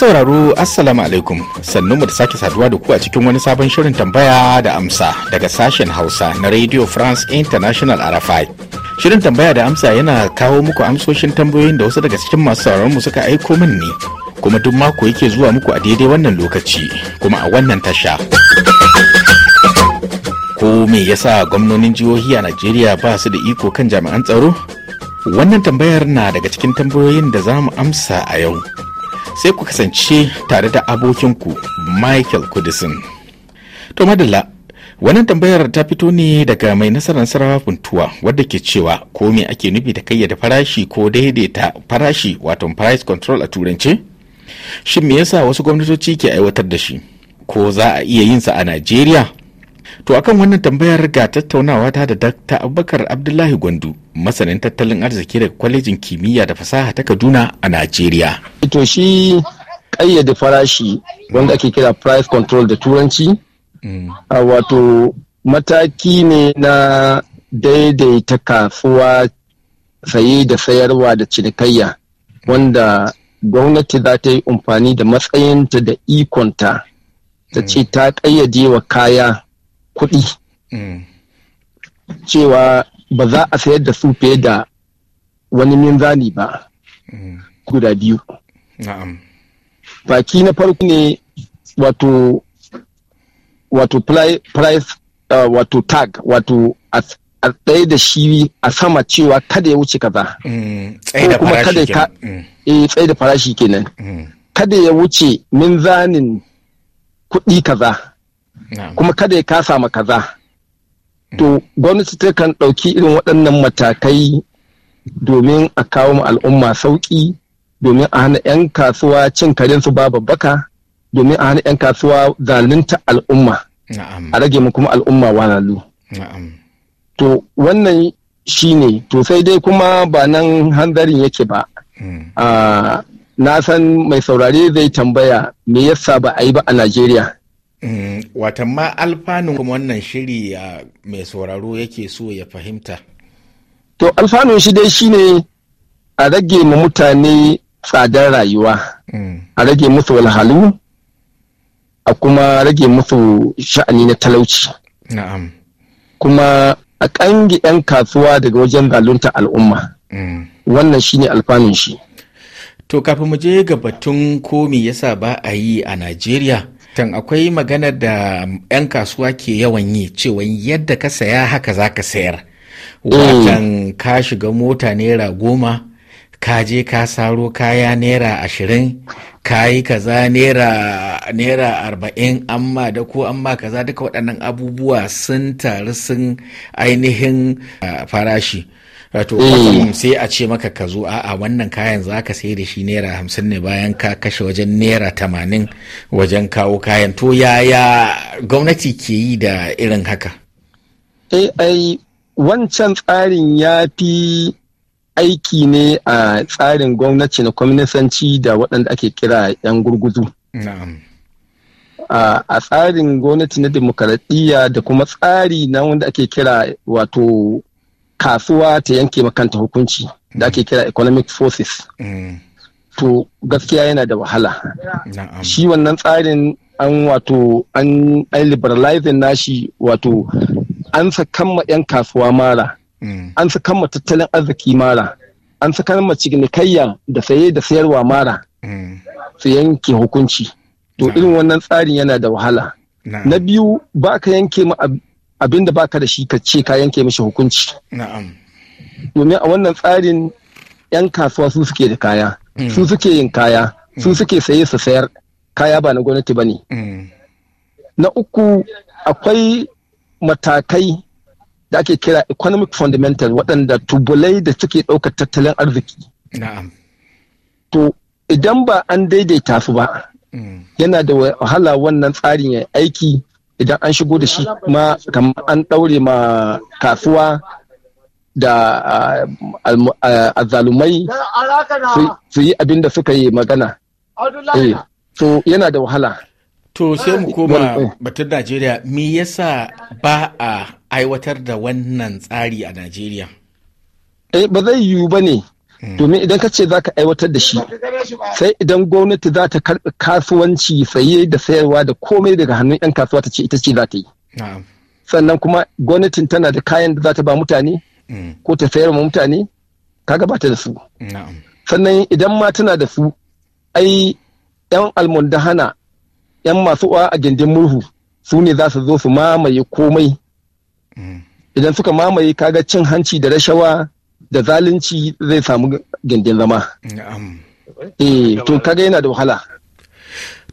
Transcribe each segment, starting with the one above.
sauraro Assalamu alaikum sannu mu da sake saduwa da ku a cikin wani sabon shirin tambaya da amsa daga sashen Hausa na Radio France International RFI. Shirin tambaya da amsa yana kawo muku amsoshin tambayoyin da wasu daga cikin masu sauraron mu suka aiko min ne kuma duk mako yake zuwa muku a daidai wannan lokaci kuma a wannan tasha. Ko me yasa gwamnonin jihohi a Najeriya ba su da iko kan jami'an tsaro? Wannan tambayar na daga cikin tambayoyin da za mu amsa a yau. sai ku kasance tare da abokinku michael kudisin to madalla wannan tambayar ta fito ne daga mai nasarar sarawa tuwa wadda ke cewa ko me ake nufi da kayyada farashi ko daidaita farashi wato price control a turance shin me yasa wasu gwamnatoci ke aiwatar da shi ko za a iya yin sa a najeriya To akan wannan tambayar ga tattaunawa ta da Dr. Abubakar Abdullahi Gwandu, masanin tattalin arziki daga kwalejin kimiyya da fasaha ta Kaduna a Najeriya. To shi ƙayyade farashi wanda ake kira price control da turanci, mm. a wato mataki ne na daidaita kasuwa saye da sayarwa da cinikayya wanda gwamnati za ta yi amfani da matsayinta da ikonta ta ce mm. ta ƙayyade wa kaya kuɗi mm. cewa ba za a sayar da su fiye da wani minzani ba mm. guda biyu baki na farko ne wato wato price uh, wato tag wato a tsaye da shi a sama cewa kada ya wuce kaza mm. tsaye da farashi kenan eh tsaye da farashi kenan kada ya wuce minzanin kuɗi kaza kuma kada ya kasa ma kaza to gwamnati ta kan ɗauki irin waɗannan matakai domin a kawo ma al'umma sauƙi domin a hana 'yan kasuwa cin karensu babu baka domin a hana 'yan kasuwa zalunta al'umma a rage mu kuma al'umma walalu to wannan shi ne to sai dai kuma ba nan hanzarin yake ba hmm. ah, na san mai saurare zai tambaya me yasa ba a yi ba a najeriya Mm, watan ma alfanun kuma wannan shiri mai sauraro yake so ya fahimta to alfanun shi dai shine a rage mu mutane tsadar rayuwa mm. a rage musu walhalu a kuma rage musu sha'ani na talauci na'am kuma a kangi 'yan kasuwa daga wajen zalunta al'umma mm. wannan shine alfanun shi to kafin mu je ga batun komi yasa ba a yi a najeriya Tan akwai magana da 'yan kasuwa ke yawan yi cewa yadda ka saya haka za ka sayar. Watan ka shiga mota naira goma, ka je ka saro kaya naira ashirin, ka yi kaza naira arba'in amma da ko amma kaza duka waɗannan abubuwa sun taru sun ainihin ah, farashi. wato eh. kwatsam sai a ce maka ka zo a'a wannan kayan za ka sai da shi naira hamsin ne bayan ka kashe wajen naira tamanin wajen kawo kayan to yaya gwamnati ke yi da irin haka eh, ai wancan tsarin ya fi aiki ne a tsarin gwamnati na kwaminisanci da waɗanda ake kira 'yan gurguzu a tsarin gwamnati na demokaradiyya da kuma tsari na wanda ake kira wato kasuwa ta yanke makanta hukunci da ake mm. kira economic forces mm. to gaskiya yana da wahala shi wannan tsarin an wato an liberalizing nashi wato an sakamma 'yan kasuwa mara mm. an sakamma tattalin arziki mara an sakamma cinikayya da saye da sayarwa mara su yanke hukunci to irin wannan tsarin yana da wahala na biyu ba ka yanke ma abin da baka da shi ka ce ka yanke mishi hukunci na'am domin a wannan tsarin yan kasuwa su suke da kaya mm. su suke yin kaya su mm. suke saye su sayar kaya ba na gwamnati ba ne mm. na uku akwai matakai da ake kira economic fundamental waɗanda tubulai da suke ɗaukar tattalin arziki to idan ba an daidaita su ba yana da wahala wannan tsarin ya aiki idan an shigo da shi kuma kamar an ɗaure ma kasuwa da azalumai su yi abin da suka yi magana. Eh, so yana da wahala. To sai mu koma eh. batun Najeriya, me yasa ba a aiwatar da wannan tsari a Najeriya? Eh ba zai yiwu ba ne domin idan ka ce za ka aiwatar da shi sai idan gwamnati za ta karɓi kasuwanci saye da sayarwa da komai daga hannun 'yan kasuwa ta ce ita ce za ta yi sannan kuma gwamnatin tana da kayan da za ta ba mutane mm. ko ta sayar ma mutane ka gabata da su sannan idan ma tana da su ai 'yan almundahana 'yan masu uwa a gindin murhu su ne za su zo su mamaye komai mm. idan suka mamaye kaga cin hanci da rashawa da zalunci zai samu gindin zama eh to kaga yana da wahala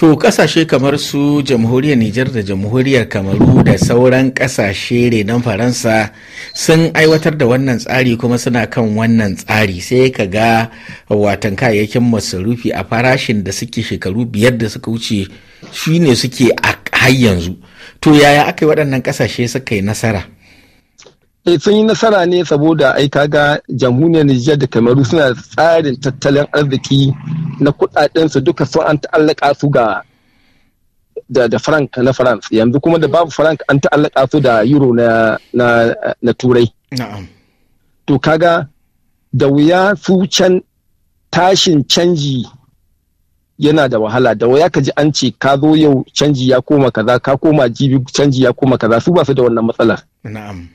To kasashe kamar su jamhuriyar Nijar da jamhuriyar Kamaru da sauran kasashe renon Faransa sun aiwatar da wannan tsari kuma suna kan wannan tsari sai ka ga watan kayayyakin masarufi a farashin da suke shekaru biyar da suka wuce shi ne suke a yanzu. To yaya aka yi waɗannan kasashe suka yi nasara? eh sun yi nasara ne saboda ai kaga jamhuriyar Nijar da Kamaru suna tsarin tattalin arziki na kudaden su duka sun an ta'allaka su ga da, da frank na France yanzu kuma da babu frank an ta'allaka su da euro na na, na turai to kaga da wuya su can tashin canji yana da wahala da waya ka ji an ce ka zo yau canji ya koma kaza ka koma jibi canji ya koma kaza su ba su da wannan matsalar na'am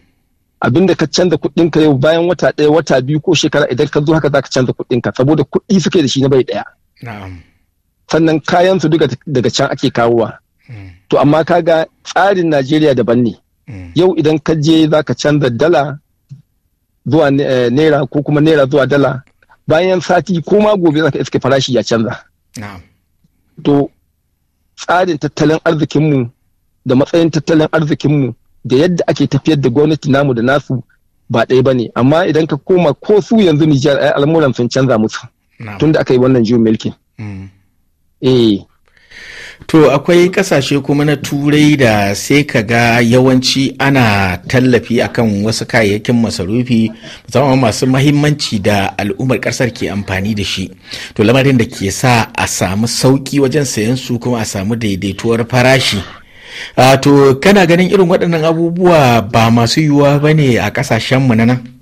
abinda ka canza kuɗin ka yau bayan wata ɗaya wata biyu ko shekara idan ka zo haka za ka canza kuɗin ka saboda kuɗi suke da shi na bai ɗaya sannan kayan su daga can ake kawowa hmm. to amma kaga tsarin najeriya daban ne hmm. yau idan ka je za ka canza dala zuwa eh, naira ko kuma naira zuwa dala bayan sati ko ma gobe za ka iske farashi ya canza to tsarin tattalin arzikinmu da matsayin tattalin arzikinmu da yadda ake tafiyar da gwamnati namu da nasu ba ɗaya ba ne amma idan ka koma ko su yanzu Nijar ai al'amuran sun canza musu tun da aka yi wannan juyin mulkin. Mm. Eh. To akwai kasashe kuma na turai da sai ka ga yawanci ana tallafi akan wasu kayayyakin masarufi musamman masu mahimmanci da al'ummar kasar ke amfani da shi. To lamarin da ke sa a samu sauki wajen sayan su kuma a samu daidaituwar farashi. to kana ganin irin waɗannan abubuwa ba masu yiwuwa ba ne a ƙasashenmu na nan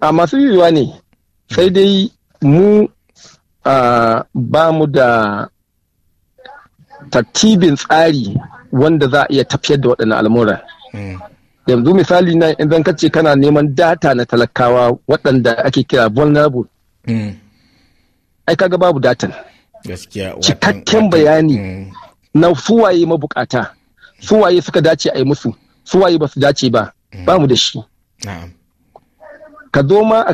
a masu yiwuwa ne sai hmm. dai mu ba mu da tartibin tsari wanda za a iya tafiyar da waɗannan al'amura hmm. yanzu misali na idan ka ce kana neman data na talakawa waɗanda ake kira vulnerable hmm. ai kaga babu datan cikakken bayani na suwaye mabukata suwaye suka dace a yi musu suwaye ba su dace ba mm. ba mu da shi ka zo ma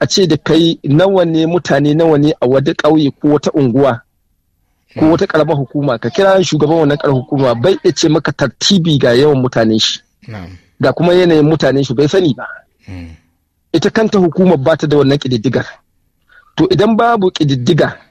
a ce da kai nawa ne mutane nawa ne a wata ƙauye ko wata unguwa ko mm. wata ƙaramar hukuma ka kira shugaban wannan ƙaramar hukuma bai ya ce maka tartibi ga yawan mutane shi ga kuma yanayin mutane shi bai sani ba mm. ita kanta hukuma ba ta da wannan ƙididdigar to idan babu ƙididdiga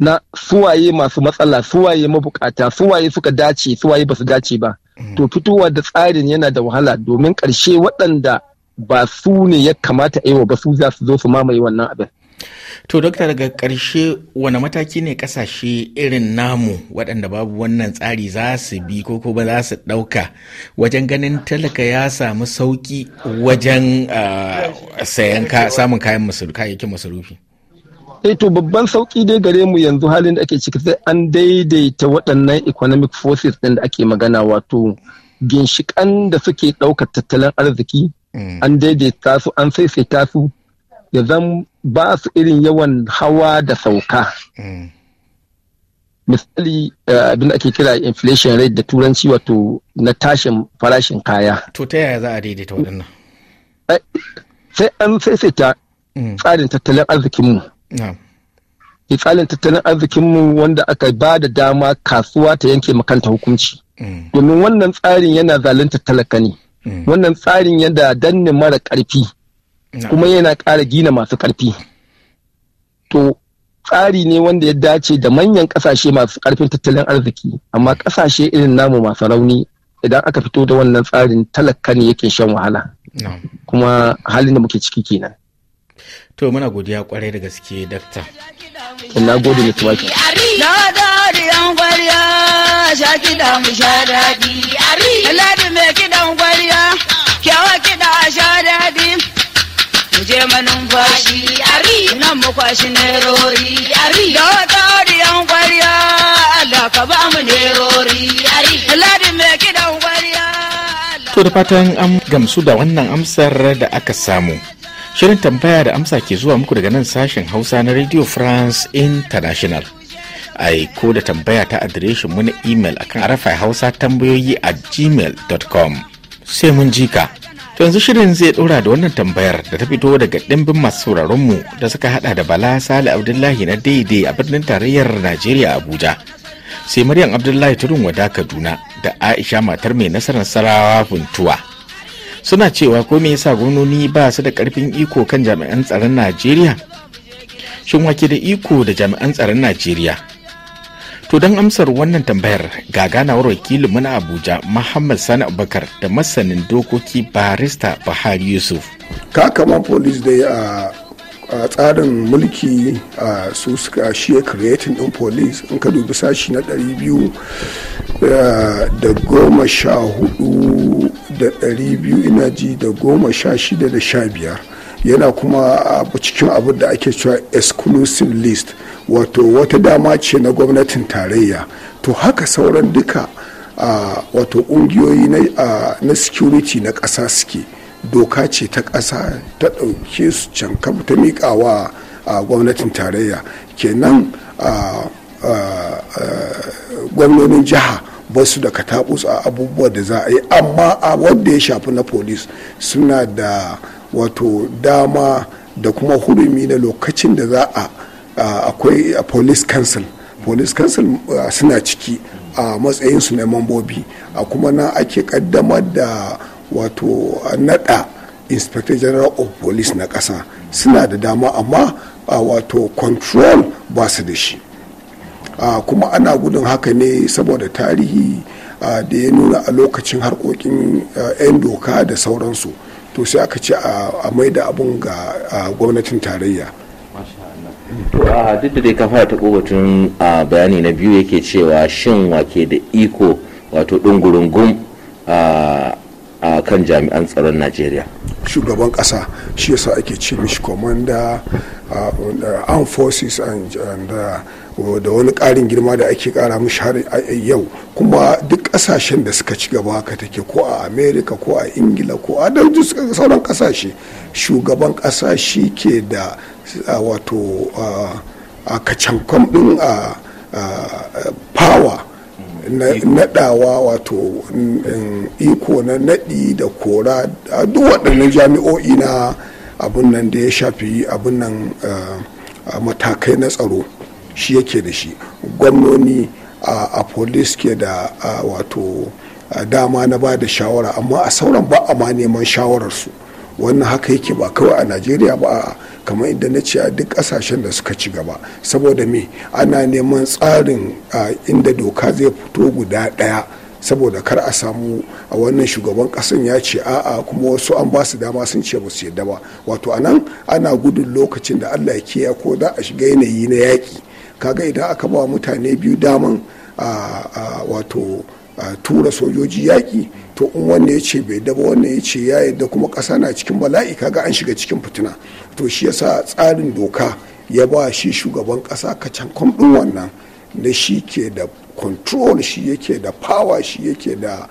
na suwaye masu matsala suwaye mabukata suwaye suka dace suwaye basu dace ba mm. to fitowa da tsarin yana da wahala domin ƙarshe waɗanda ba su ne ya kamata a ba su za su zo su mamaye wannan abin To dokta daga ƙarshe wane mataki ne ƙasashe irin namu waɗanda babu wannan tsari za su bi ko ko ba za su ɗauka wajen ganin talaka ya samu sauƙi wajen ah, sayan samun kayayyakin masarufi. eh to babban sauki dai gare mu yanzu halin da ake ciki sai an daidaita waɗannan economic forces ɗin da ake magana wato ginshikan da suke ɗaukar tattalin arziki mm. an daidaita su an saisaita su ya zan ba su irin yawan hawa da sauka mm. misali eh, abin da ake kira inflation rate da turanci wato na tashin farashin kaya to ta yaya za a daidaita waɗannan eh, sai an saisaita mm. tsarin tattalin arzikinmu misalin tattalin arzikinmu wanda aka ba da dama kasuwa ta yanke makanta hukunci mm. domin wannan tsarin yana zalunta talaka ne mm. wannan tsarin yana danne mara karfi kuma yana ƙara gina masu ƙarfi to tsari ne wanda ya dace da manyan ƙasashe masu ƙarfin tattalin arziki amma mm. ƙasashe irin namu masu rauni idan aka fito da wannan tsarin talaka ne yake shan wahala kuma halin da muke ciki kenan to muna godiya kwarai da gaske dakta na gode da tumaki na dadi an gwariya sha kida mu sha dadi ladi mai kidan gwariya kyawa kida sha dadi mu je manumfashi nan mu kwashi nerori da wata wadi an gwariya Allah ka ba mu nerori ladi mai kidan gwariya To da fatan an gamsu da wannan amsar da aka samu. Shirin tambaya da amsa ke zuwa muku daga nan sashen Hausa na Radio France International. Aiko da tambaya ta adireshin mu na imel akan arafa hausa tambayoyi a gmail.com. Sai mun jika. To yanzu shirin zai dora da wannan tambayar da ta fito daga ɗimbin masu sauraronmu da suka hada da Bala Sale Abdullahi na daidai a birnin tarayyar Najeriya Abuja. Sai Maryam Abdullahi turin Wada Kaduna da Aisha matar mai nasarar Sarawa Funtuwa. suna cewa ko me yasa gwamnoni ba su da karfin iko kan jami'an tsaron najeriya shin wake da iko da jami'an tsaron najeriya to don amsar wannan tambayar ga ganawar wakilin na abuja muhammad sani abubakar da masanin dokoki barista bahari yusuf ka kama polis a a tsarin mulki a su suka shiye creating din police in ka dubi sashi na 200 da goma sha hudu da 200 ina ji da goma shida da sha biyar yana kuma a cikin abin da ake cewa exclusive list wato wata dama ce na gwamnatin tarayya to haka sauran duka wato ƙungiyoyi na security na ƙasa suke. doka ce ta ƙasa ta ɗauke su can ta miƙa wa gwamnatin tarayya kenan a gwamnonin jiha ba su da katabus a abubuwa da za a yi amma a wanda ya shafi na polis suna da wato dama da kuma hurumi na lokacin da za a akwai police council police council suna ciki a matsayinsu na mambobi a kuma na ake kaddamar da wato nada inspector general of police na kasa suna da dama amma a wato control ba su da shi kuma ana gudun haka ne saboda tarihi da ya nuna a lokacin harkokin 'yan doka da sauransu to sai aka ce a maida abun ga gwamnatin tarayya to a duk da dai kafa ta batun a bayani na biyu yake cewa shin wake da iko wato dungurungun a kan jami'an tsaron najeriya shugaban kasa shi yasa ake ce mishi commander armed forces and uh, da wani ƙarin girma da ake kara mishi har yau kuma duk ƙasashen da suka ci gaba haka take ko a america ko a ingila ko a da sauran ƙasashe shugaban ƙasa shi ke da wato a kacankan din a power naɗawa wato mm, mm, iko na naɗi da kora a duk waɗannan jami'o'i na abin nan da ya shafi abin nan uh, matakai na tsaro shi yake da shi gwamnoni a police ke da wato dama na ba da shawara amma a sauran ba a ma neman shawararsu wannan haka yake ba kawai a najeriya ba a kamar inda na ce a duk kasashen da suka ci gaba saboda me ana neman tsarin inda doka zai fito guda ɗaya saboda kar a samu a wannan shugaban kasan ya ce a'a kuma wasu an ba su dama sun ce ba su yadda ba wato anan ana gudun lokacin da allah ya kiya ko za a shiga yanayi na yaƙi kaga idan aka ba mutane biyu daman wato a tura sojoji yaƙi to in wanda ya ce bai daba wanda ya ce ya yadda kuma ƙasa na cikin bala'i kaga an shiga cikin fitina to shi yasa tsarin doka ya ba shi shugaban ƙasa kacan kwamɗin wannan da shi ke da control shi yake da power shi yake da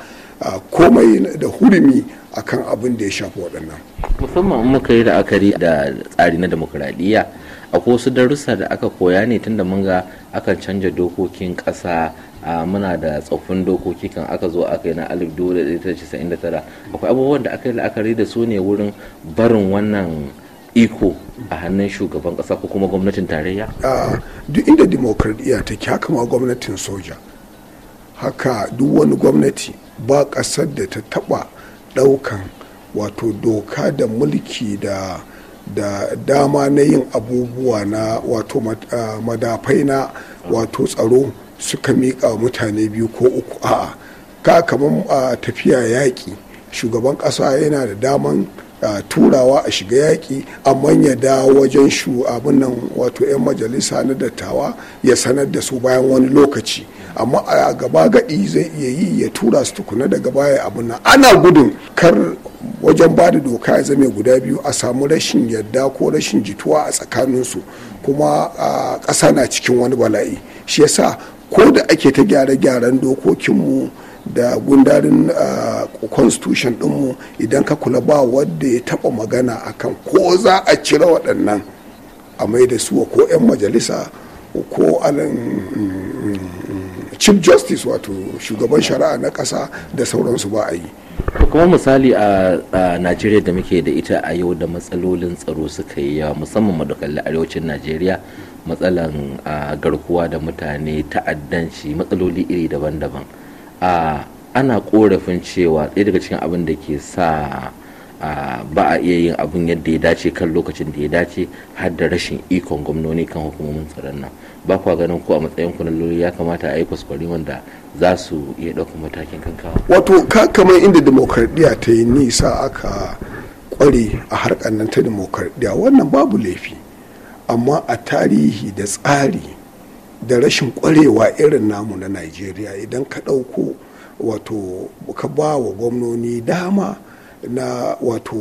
komai da hurumi akan abin da ya shafi waɗannan musamman muka yi la'akari da tsari na demokradiyya akwai wasu darussa da aka koya ne tunda mun ga akan canja dokokin ƙasa a muna da tsoffin dokoki kan aka zo aka yi na 1999 akwai abubuwan da aka yi la'akari da su ne wurin barin wannan iko a hannun shugaban kasa ko kuma gwamnatin tarayya duk inda dimokuraɗiyya ta haka ma gwamnatin soja haka duk wani gwamnati ba ƙasar da ta taɓa ɗaukan wato doka da mulki da da dama na yin abubuwa na wato madafai na wato tsaro suka miƙa mutane biyu ko uku a'a ka kamar tafiya yaƙi shugaban ƙasa yana da daman turawa a shiga yaƙi amma ya da wajen shu abin nan wato 'yan majalisa na dattawa ya sanar da su bayan wani lokaci amma a gaba gadi zai iya yi ya tura su tukuna daga baya abin nan ana gudun kar wajen ba da doka ya zame guda biyu a samu rashin yarda ko rashin jituwa a tsakaninsu kuma a ƙasa na cikin wani bala'i shi yasa ko da ake ta gyare-gyaren dokokinmu da gundarin constitution dinmu idan ka kula ba wadda ya taba magana akan ko za a cire waɗannan a mai da su ko 'yan majalisa ko alin chief justice wato shugaban shari'a na kasa da sauransu ba a yi kuma misali a najeriya da muke da ita a yau da matsalolin tsaro suka yi yawa musamman madakalli arewacin najeriya matsalan garkuwa da mutane ta'addanci matsaloli iri daban-daban ana korafin cewa ɗaya daga cikin abin da ke sa ba a iya yin abun yadda ya dace kan lokacin da ya dace har da rashin ikon gwamnoni kan hukumomin tsaron nan ba kwa ganin ko a matsayin ku na lori ya kamata a yi kwaskwari wanda za su iya ɗaukar matakin kankawa wato ka kamar inda demokradiyya ta yi nisa aka kware a harkar nan ta demokradiyya wannan babu laifi amma a tarihi da tsari da rashin kwarewa irin namu na najeriya idan ka ɗauko wato ka ba wa gwamnoni dama na wato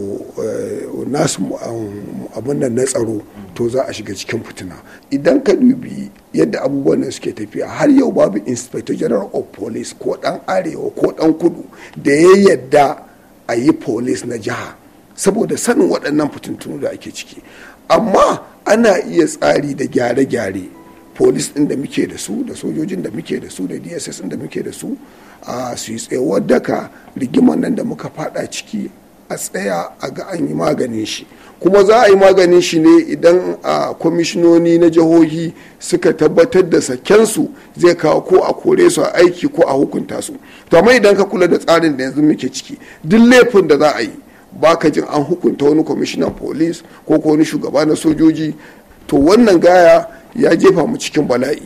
eh, nasu um, abin nan na tsaro to za a shiga cikin fitina idan ka dubi yadda abubuwan nan suke tafiya har yau babu inspector general of police ko dan arewa ko dan kudu da ya yadda a yi police na jiha saboda sanin waɗannan fitintunu da ake ciki amma ana iya tsari da gyare-gyare police inda da muke da su da sojojin da muke da su da dss din da muke da su a su yi tsayuwar daka rigimar nan da muka fada ciki a tsaya a ga an yi maganin shi kuma za a yi maganin shi ne idan a kwamishinoni na jihohi suka tabbatar da sakensu zai kawo ko a kore su a aiki ko a hukunta su to amma idan ka kula da tsarin da yanzu muke ciki duk laifin da za a yi ba ka jin an hukunta wani kwamishinan police ko ko wani shugaba na sojoji to wannan gaya ya jefa mu cikin bala'i.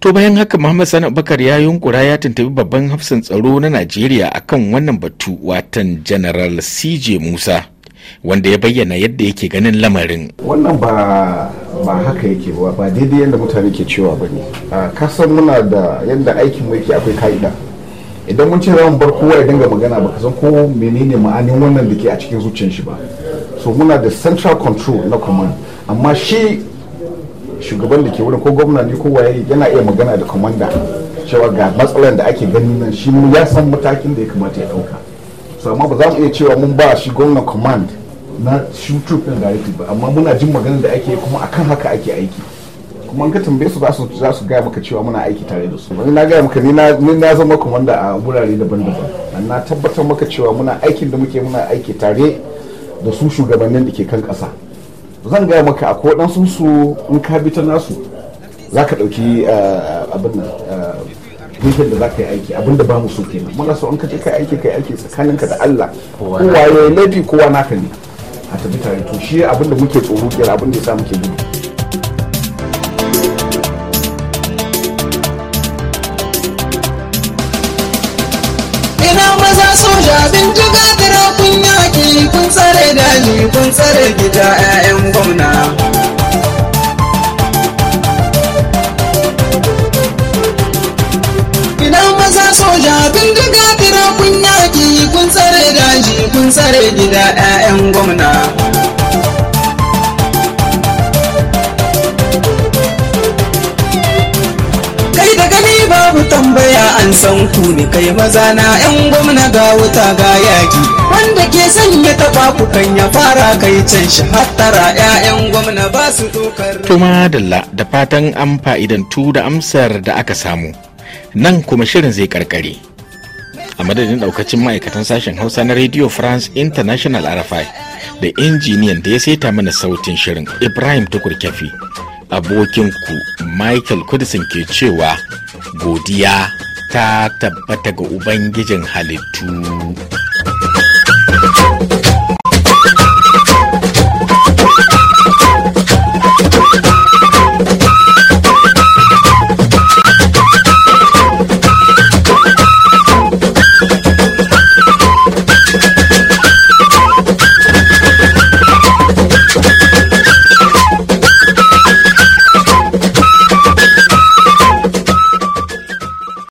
To bayan haka Muhammad Sani Abubakar ya yunkura ya tuntubi babban hafsan tsaro na Najeriya akan wannan batu watan General CJ Musa wanda ya bayyana yadda yake ganin lamarin. Wannan ba ba haka yake ba ba daidai yadda mutane ke cewa ba ne. Kasan muna da yadda aikin mu yake akwai ka'ida. Idan mun ce ramin bar kowa ya dinga magana ba san ko menene ma'anin wannan da ke a cikin zuciyar shi ba. So muna da central control na command amma shi shugaban da ke wurin ko gwamna ne ko waye yana iya magana da kwamanda cewa ga matsalar da ake gani nan shi ya san matakin da ya kamata ya dauka so amma ba za mu iya cewa mun ba shi gwamna command na shoot din directive ba amma muna jin maganar da ake kuma akan haka ake aiki kuma an ka tambaye su za su gaya maka cewa muna aiki tare da su wani na gaya maka ni na zama komanda a wurare daban-daban na tabbatar maka cewa muna aikin da muke muna aiki tare da su shugabannin da ke kan kasa zan gaya maka a sun su in ka bi ta nasu za ka ɗauki eh, abin nan eh, da za ka yi aiki abin ba mu so kenan muna so in ka je ka aiki ka aiki tsakaninka da Allah kowa ya laifi kowa naka ne a tafi tare to shi abin da muke tsoro kira abin da ya sa muke gudu ina maza soja bin kokari kun tsare gida 'ya'yan gwamna ina maza soja bindiga tira kun yaki kun tsare daji kun tsare gida 'ya'yan gwamna an san ku ne kai maza na yan gwamna ga wuta ga yaki wanda ke son ya taba ku kan ya fara kai can shi hattara ƴaƴan gwamna ba su dokar tuma dalla da fatan an tu da amsar da aka samu nan kuma shirin zai karkare a madadin daukacin ma'aikatan sashen hausa na radio france international rfi da injiniyan da ya saita mana sautin shirin ibrahim tukur kyafi abokinku michael kudisin ke cewa godiya ta tabbata ga Ubangijin halittu.